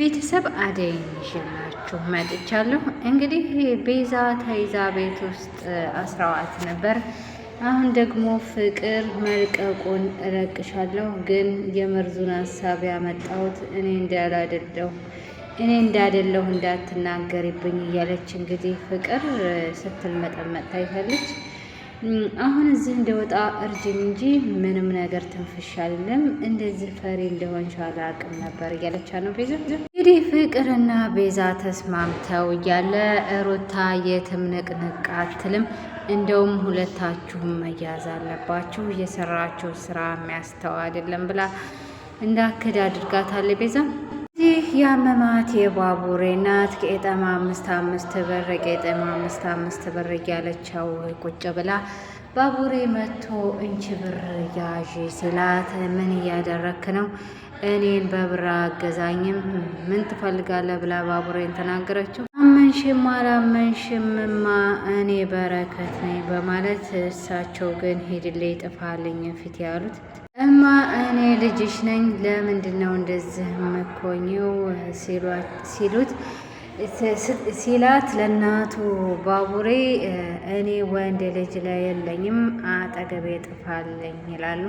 ቤተሰብ አደይን ይዤላችሁ መጥቻለሁ። እንግዲህ ቤዛ ተይዛ ቤት ውስጥ አስራዋት ነበር። አሁን ደግሞ ፍቅር መልቀቁን እለቅሻለሁ፣ ግን የመርዙን ሀሳብ ያመጣሁት እኔ እንዳላደለሁ እኔ እንዳደለሁ እንዳትናገሪብኝ እያለች እንግዲህ ፍቅር ስትል መጠመጥ ታይታለች። አሁን እዚህ እንደወጣ እርጅን እንጂ ምንም ነገር ትንፍሻልም፣ እንደዚህ ፈሪ እንደሆንሽ አላውቅም ነበር እያለቻ ነው ቤዛ እንግዲህ ፍቅርና ቤዛ ተስማምተው እያለ ሩታ የትም ንቅንቅ አትልም። እንደውም ሁለታችሁም መያዝ አለባችሁ፣ የሰራችሁ ስራ የሚያስተው አይደለም ብላ እንዳክድ አድርጋታለ ቤዛ ይህ የአመማት የባቡሬ ናት። ቄጠማ አምስት አምስት ብር ቄጠማ አምስት አምስት ብር እያለቻው ቁጭ ብላ ባቡሬ መጥቶ እንቺ ብር ያዥ ሲላት ምን እያደረክ ነው እኔን በብር አገዛኝም ምን ትፈልጋለህ ብላ ባቡሬን ተናገረችው። አመንሽም አላመንሽምማ እኔ በረከት ነኝ በማለት እሳቸው ግን ሂድልኝ፣ ጥፋልኝ ፊት ያሉት እማ እኔ ልጅሽ ነኝ ለምንድን ነው እንደዚህ የምኮኘው ሲሉት ሲላት ለእናቱ ባቡሬ እኔ ወንድ ልጅ ላይ የለኝም አጠገቤ ጥፋልኝ ይላሉ።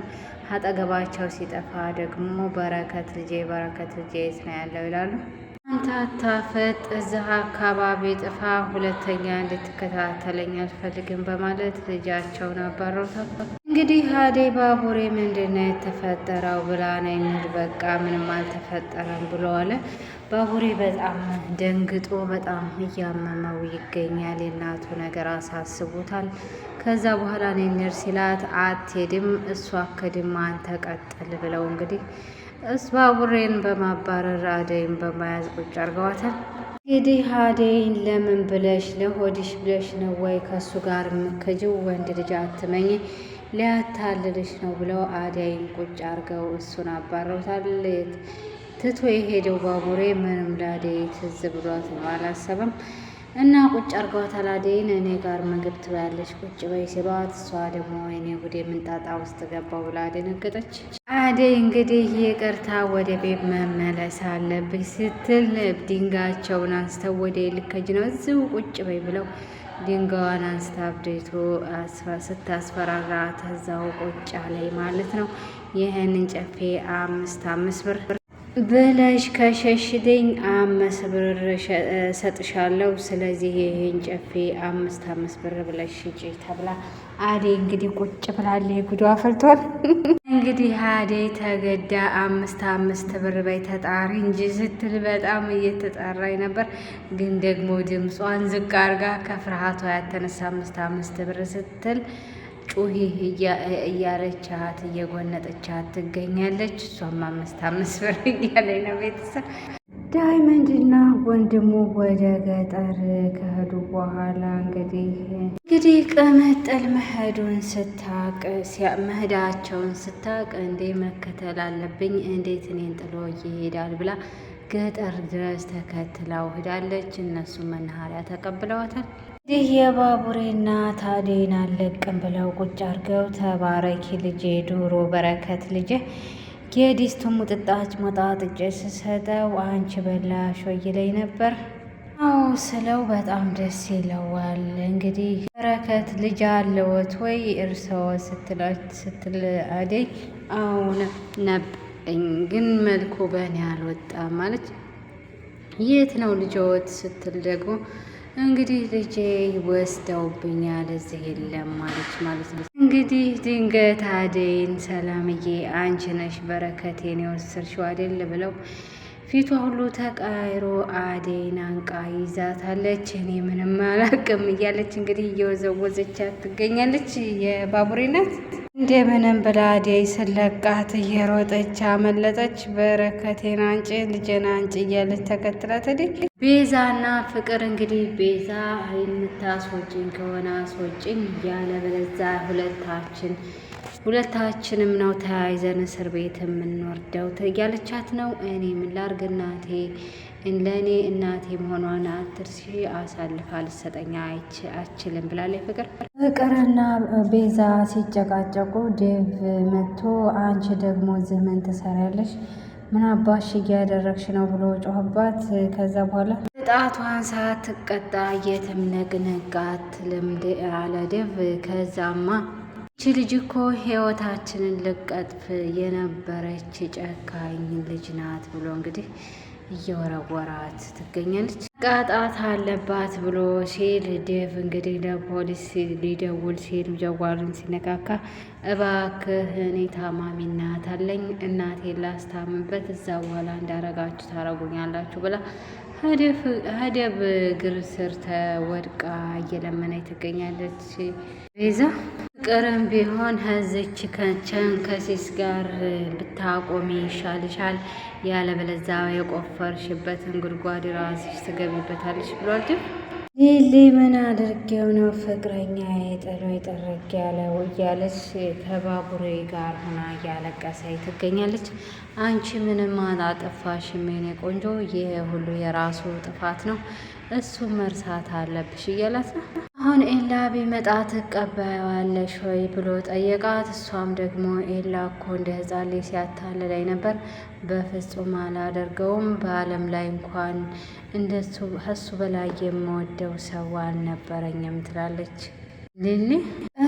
አጠገባቸው ሲጠፋ ደግሞ በረከት ልጄ በረከት ልጄ የት ነው ያለው ይላሉ። አንተ ፈጥ እዚህ አካባቢ ጥፋ፣ ሁለተኛ እንድትከታተለኝ አልፈልግም በማለት ልጃቸውን አባረውታል። እንግዲህ አደይ ባቡሬ ምንድን ነው የተፈጠረው ብላ ነይ በቃ ምንም አልተፈጠረም ብሎ አለ። ባቡሬ በጣም ደንግጦ በጣም እያመመው ይገኛል። የእናቱ ነገር አሳስቦታል። ከዛ በኋላ እኔ እንሂድ ሲላት አትሄድም፣ እሷ ከድማ አንተ ቀጥል ብለው እንግዲህ እስ ባቡሬን በማባረር አደይን በመያዝ ቁጭ አርገዋታል። እንግዲህ አደይን ለምን ብለሽ ለሆድሽ ብለሽ ነው ወይ ከእሱ ጋር የምከጅው? ወንድ ልጅ አትመኝ ሊያታልልሽ ነው ብለው አደይን ቁጭ አርገው እሱን አባረውታል። ትቶ የሄደው ባቡሬ ምንም ለአደይ ትዝ ብሏት ነው አላሰበም። እና ቁጭ አርገዋታል። አደይን እኔ ጋር ምግብ ትበያለች ቁጭ በይ ሲሏት እሷ ደግሞ ወይኔ ጉዴ ምንጣጣ ውስጥ ገባው ብላ ደነገጠች። አደይ እንግዲህ ይቅርታ ወደ ቤት መመለስ አለብኝ ስትል ድንጋያቸውን አንስተው ወደ ልከጅ ነው እዚሁ ቁጭ በይ ብለው ድንጋዋን አንስታ አብዴቶ ስታስፈራራ ተዛው ቁጭ ላይ ማለት ነው። ይህንን ጨፌ አምስት አምስት ብር ብለሽ ከሸሽደኝ አምስት ብር ሰጥሻለሁ። ስለዚህ ይህን ጨፌ አምስት አምስት ብር ብለሽ ሽጪ ተብላ አዴ እንግዲህ ቁጭ ብላለች። ጉዷ አፈልቷል። እንግዲህ አዴ ተገዳ አምስት አምስት ብር በይ ተጣሪ እንጂ ስትል በጣም እየተጣራኝ ነበር፣ ግን ደግሞ ድምጿን ዝቅ አድርጋ ከፍርሃቷ ያተነሳ አምስት አምስት ብር ስትል ጩሂ እያረቻት እየጎነጠቻት ትገኛለች። እሷም አምስት አምስት ብር እያለኝ ነው ቤተሰብ ዳይመንድና ወንድሙ ወደ ገጠር ከሄዱ በኋላ እንግዲህ እንግዲህ ቅምጥል መሄዱን ስታቅ መሄዳቸውን ስታቅ እንዴ መከተል አለብኝ እንዴት እኔን ጥሎ ይሄዳል ብላ ገጠር ድረስ ተከትላው ሄዳለች። እነሱ መናኸሪያ ተቀብለዋታል። ይህ የባቡሬ ታዴን አደይን አለቅም ብለው ቁጭ አድርገው ተባረኪ ልጄ፣ ዶሮ በረከት ልጄ፣ የዲስቱ ሙጥጣች ሞጣጥጬ ስሰጠው አንቺ በላሽ ይለኝ ነበር አዎ ስለው በጣም ደስ ይለዋል። እንግዲህ በረከት ልጅ አለወት ወይ ስትላች ስትል አደይ አሁን ነበኝ ግን መልኩ በእኔ አልወጣም ማለች የት ነው ልጅዎት ስትል ደግሞ እንግዲህ ልጄ ይወስደውብኛል እዚህ የለም ማለች ማለት ነው። እንግዲህ ድንገት አደይን ሰላምዬ አንቺ ነሽ በረከቴን የወሰድሽው አይደል ብለው ፊቷ ሁሉ ተቃይሮ አደይን አንቃ ይዛታለች። እኔ ምንም አላቅም እያለች እንግዲህ እየወዘወዘቻት ትገኛለች የባቡሬ ናት። እንደምንም ብላ አደይ ስለቃት እየሮጠች አመለጠች። በረከቴን አንጭ ልጄን አንጭ እያለች ተከትላት ቤዛና ፍቅር እንግዲህ ቤዛ የምታስወጭኝ ከሆነ አስወጭኝ እያለ በለዛ ሁለታችን ሁለታችንም ነው ተያይዘን እስር ቤት የምንወርደው እያለቻት ነው። እኔ ምን ላርግ እናቴ ለእኔ እናቴ መሆኗን አትርሲ፣ አሳልፋ ልሰጠኛ አችልም ብላለች። ፍቅር ፍቅርና ቤዛ ሲጨቃጨቁ ዴቭ መጥቶ አንቺ ደግሞ እዚህ ምን ትሰሪያለሽ? ምን አባሽ እያደረግሽ ነው ብሎ ጮኸባት። ከዛ በኋላ ጣቷን ሳትቀጣ የትም ነቅነቃት ልምድ አለ ዴቭ ከዛማ ይቺ ልጅ እኮ ህይወታችንን ልቀጥፍ የነበረች ጨካኝ ልጅ ናት ብሎ እንግዲህ እየወረወራት ትገኛለች። መቀጣት አለባት ብሎ ሲል ዴቭ እንግዲህ ለፖሊስ ሊደውል ሲል ጀጓሉን ሲነካካ እባክህ እኔ ታማሚ እናት አለኝ ላስታምበት እዛ በኋላ እንዳረጋችሁ ታረጉኛላችሁ ብላ ሀደብ እግር ስር ተወድቃ እየለመነች ትገኛለች ቤዛ ፍቅርም ቢሆን ህዝች ከቸን ከሲስ ጋር ብታቆሚ ይሻልሻል፣ ያለበለዛ የቆፈርሽበትን ጉድጓድ ራስሽ ትገቢበታለሽ ብሏል። ሊሊ ምን አድርጌው ነው ፍቅረኛ የጠሎ የጠረግ ያለው እያለች ከባቡሬ ጋር ሆና እያለቀሰ ትገኛለች። አንቺ ምንም አላጠፋሽም የኔ ቆንጆ፣ ይህ ሁሉ የራሱ ጥፋት ነው፣ እሱ መርሳት አለብሽ እያላት ነው አሁን ኤላ ቢመጣ ትቀበያዋለሽ ወይ ብሎ ጠየቃት። እሷም ደግሞ ኤላ እኮ እንደ ሕፃን ልጅ ሲያታልለኝ ነበር፣ በፍጹም አላደርገውም። በዓለም ላይ እንኳን እንደሱ ከሱ በላይ የምወደው ሰው አልነበረኝም ትላለች ሊሊ።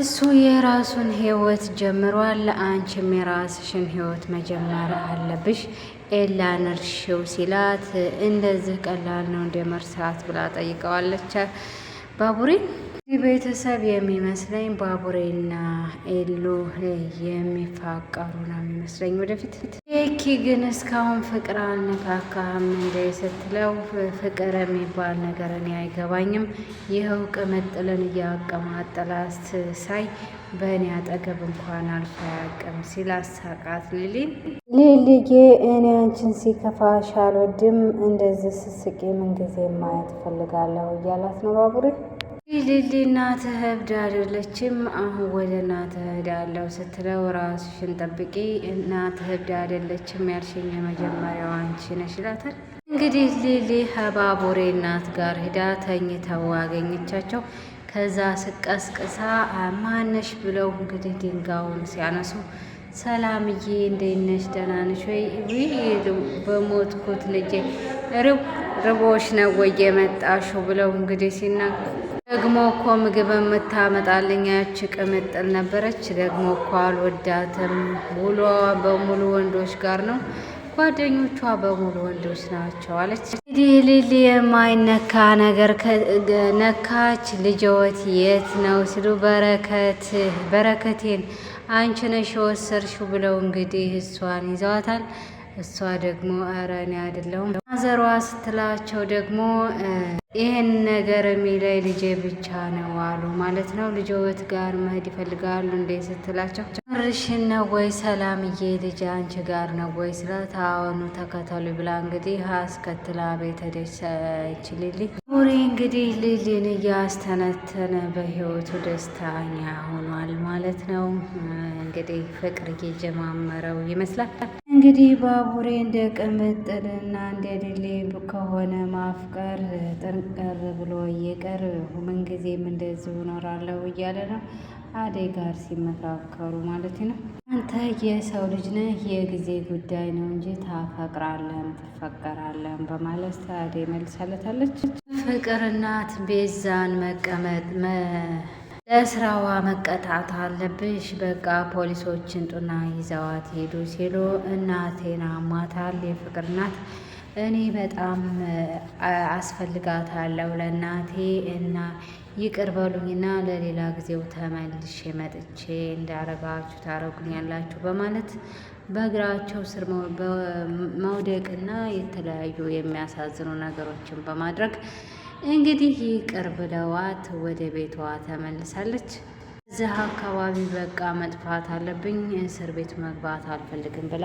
እሱ የራሱን ህይወት ጀምሯል፣ አንቺም የራስሽን ህይወት መጀመር አለብሽ። ኤላን እርሺው ሲላት እንደዚህ ቀላል ነው እንደ መርሳት ብላ ጠይቀዋለች። ባቡሬ ቤተሰብ የሚመስለኝ ባቡሬና ኤሉ የሚፋቀሩ ነው የሚመስለኝ ወደፊት ቤኪ ግን እስካሁን ፍቅር አልነካካም እንደ ስትለው ፍቅር የሚባል ነገር እኔ አይገባኝም። ይኸው ቅምጥልን እያቀማጠላ ሳይ በእኔ አጠገብ እንኳን አልፎ አያውቅም ሲል አሳቃት። ሊሊን ሊሊዬ፣ እኔ አንቺን ሲከፋ አልወድም፣ እንደዚህ ስስቄ ምንጊዜ ማየት እፈልጋለሁ እያላት ነው ባቡሬ ሊሊ እናትህ እብድ አይደለችም፣ አሁን ወደ እናትህ እሄዳለሁ ስትለው ራስሽን ጠብቂ፣ እናትህ እብድ አይደለችም ያልሽኝ የመጀመሪያው አንቺ ነሽ ይላታል። እንግዲህ ሊሊ ከባቡሬ እናት ጋር ሂዳ ተኝተው አገኘቻቸው። ከዛ ስቀስቅሳ ማነሽ ብለው እንግዲህ ድንጋውን ሲያነሱ ሰላምዬ እንዴት ነሽ? ደህና ነሽ ወይ? በሞትኩት ልጄ ርቦሽ ነው ወይ የመጣሽው? ብለው እንግዲህ ሲናገሩ ደግሞ እኮ ምግብ የምታመጣልኝ ያች ቅምጥል ነበረች። ደግሞ እኮ አልወዳትም። ውሏ በሙሉ ወንዶች ጋር ነው፣ ጓደኞቿ በሙሉ ወንዶች ናቸው አለች። እንግዲህ ሊሊ የማይነካ ነገር ነካች። ልጆት የት ነው ሲሉ በረከት በረከቴን አንቺ ነሽ የወሰድሽው ብለው እንግዲህ እሷን ይዘዋታል። እሷ ደግሞ ኧረ እኔ አይደለሁም ማዘሯ ስትላቸው ደግሞ ይህን ነገር ላይ ልጄ ብቻ ነው አሉ ማለት ነው። ልጆት ጋር መሄድ ይፈልጋሉ እንዴ ስትላቸው ርሽን ነው ወይ ሰላምዬ ልጅ አንቺ ጋር ነው ወይ ስላት ተከተሉ ብላ እንግዲህ አስከትላ ቤት ሄደች። ችልል ኑሪ እንግዲህ ልልን እያስተነተነ በህይወቱ ደስተኛ ሆኗል ማለት ነው። እንግዲህ ፍቅር እየጀማመረው ይመስላል። እንግዲህ ባቡሬ እንደ ቅምጥልና እንደ ድሌ ከሆነ ማፍቀር ጥንቅር ብሎ እየቀር ምንጊዜም እንደዚሁ እኖራለሁ እያለ ነው አደይ ጋር ሲመካከሩ ማለት ነው። አንተ የሰው ልጅ ነህ፣ የጊዜ ጉዳይ ነው እንጂ ታፈቅራለን ትፈቀራለን በማለት አደይ መልሳለታለች። ፍቅርናት ቤዛን መቀመጥ ለስራዋ መቀጣት አለብሽ። በቃ ፖሊሶችን ጡና ይዘዋት ሄዱ ሲሉ እናቴን አሟታል። የፍቅር ናት። እኔ በጣም አስፈልጋታለሁ ለእናቴ እና ይቅር በሉኝና ለሌላ ጊዜው ተመልሼ መጥቼ እንዳረጋችሁ ታረጉኝ ያላችሁ በማለት በእግራቸው ስር መውደቅና የተለያዩ የሚያሳዝኑ ነገሮችን በማድረግ እንግዲህ ይቅር ብለዋት ወደ ቤቷ ተመልሳለች። እዚህ አካባቢ በቃ መጥፋት አለብኝ እስር ቤት መግባት አልፈልግም ብላ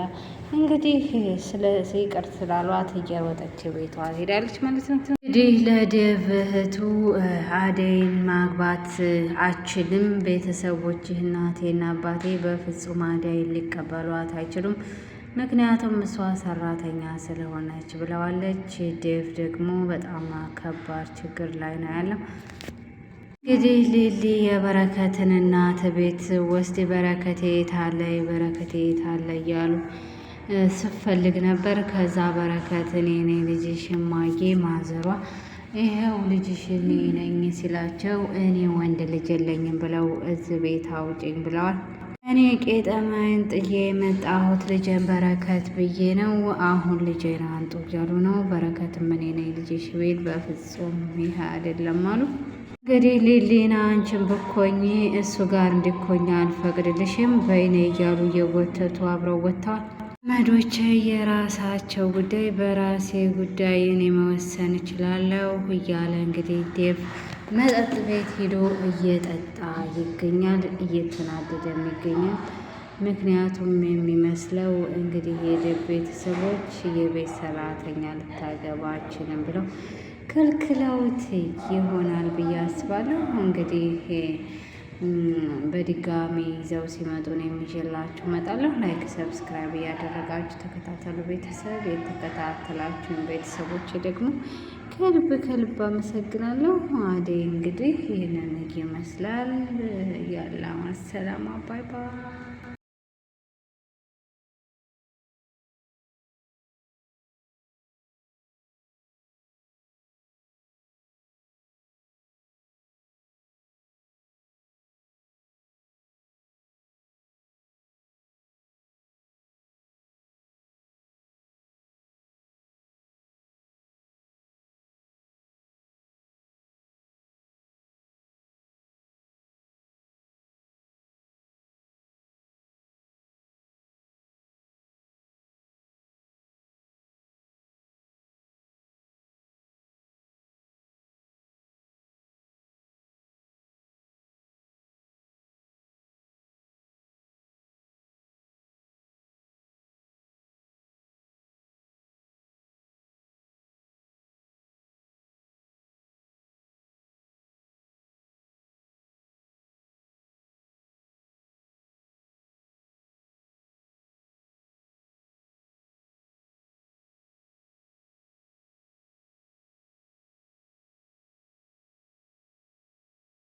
እንግዲህ ስለ ይቅር ስላሏት እየሮጠች ቤቷ ሄዳለች ማለት ነው። እንግዲህ ለዴቭ እህቱ አደይን ማግባት አችልም፣ ቤተሰቦችህ እናቴና አባቴ በፍጹም አደይን ሊቀበሏት አይችሉም፣ ምክንያቱም እሷ ሰራተኛ ስለሆነች ብለዋለች። ዴቭ ደግሞ በጣም ከባድ ችግር ላይ ነው ያለው። እንግዲህ ሊሊ የበረከትን እናት ቤት ውስጥ በረከቴ የታለ የበረከቴ የታለ እያሉ ስፈልግ ነበር። ከዛ በረከት እኔ ነኝ ልጅሽ እማዬ ማዘሯ ይኸው ልጅሽ እኔ ነኝ ሲላቸው እኔ ወንድ ልጅ የለኝም ብለው እዚህ ቤት አውጭኝ ብለዋል። እኔ ቄጠማን ጥዬ የመጣሁት ልጄን በረከት ብዬ ነው። አሁን ልጄን አንጡ እያሉ ነው። በረከት ምን ነኝ ልጅሽ ቤል በፍጹም ይህ አይደለም አሉ። እንግዲህ ሊሊና አንቺን ብኮኝ እሱ ጋር እንዲኮኝ አልፈቅድልሽም በይኔ እያሉ እየጎተቱ አብረው ወጥተዋል። መዶች የራሳቸው ጉዳይ በራሴ ጉዳይ እኔ መወሰን እችላለሁ እያለ እንግዲህ ዴቭ መጠጥ ቤት ሂዶ እየጠጣ ይገኛል፣ እየተናደደም ይገኛል። ምክንያቱም የሚመስለው እንግዲህ የዴቭ ቤተሰቦች የቤት ሰራተኛ ልታገባችንም ብለው ከልክለውት ይሆናል ብዬ አስባለሁ። እንግዲህ በድጋሚ ይዘው ሲመጡ ነው የሚችላችሁ እመጣለሁ። ላይክ ሰብስክራይብ እያደረጋችሁ ተከታተሉ። ቤተሰብ የተከታተላችሁን ቤተሰቦች ደግሞ ከልብ ከልብ አመሰግናለሁ። አዴ እንግዲህ ይህንን ይመስላል ያለ አሰላማ ባይ ባይ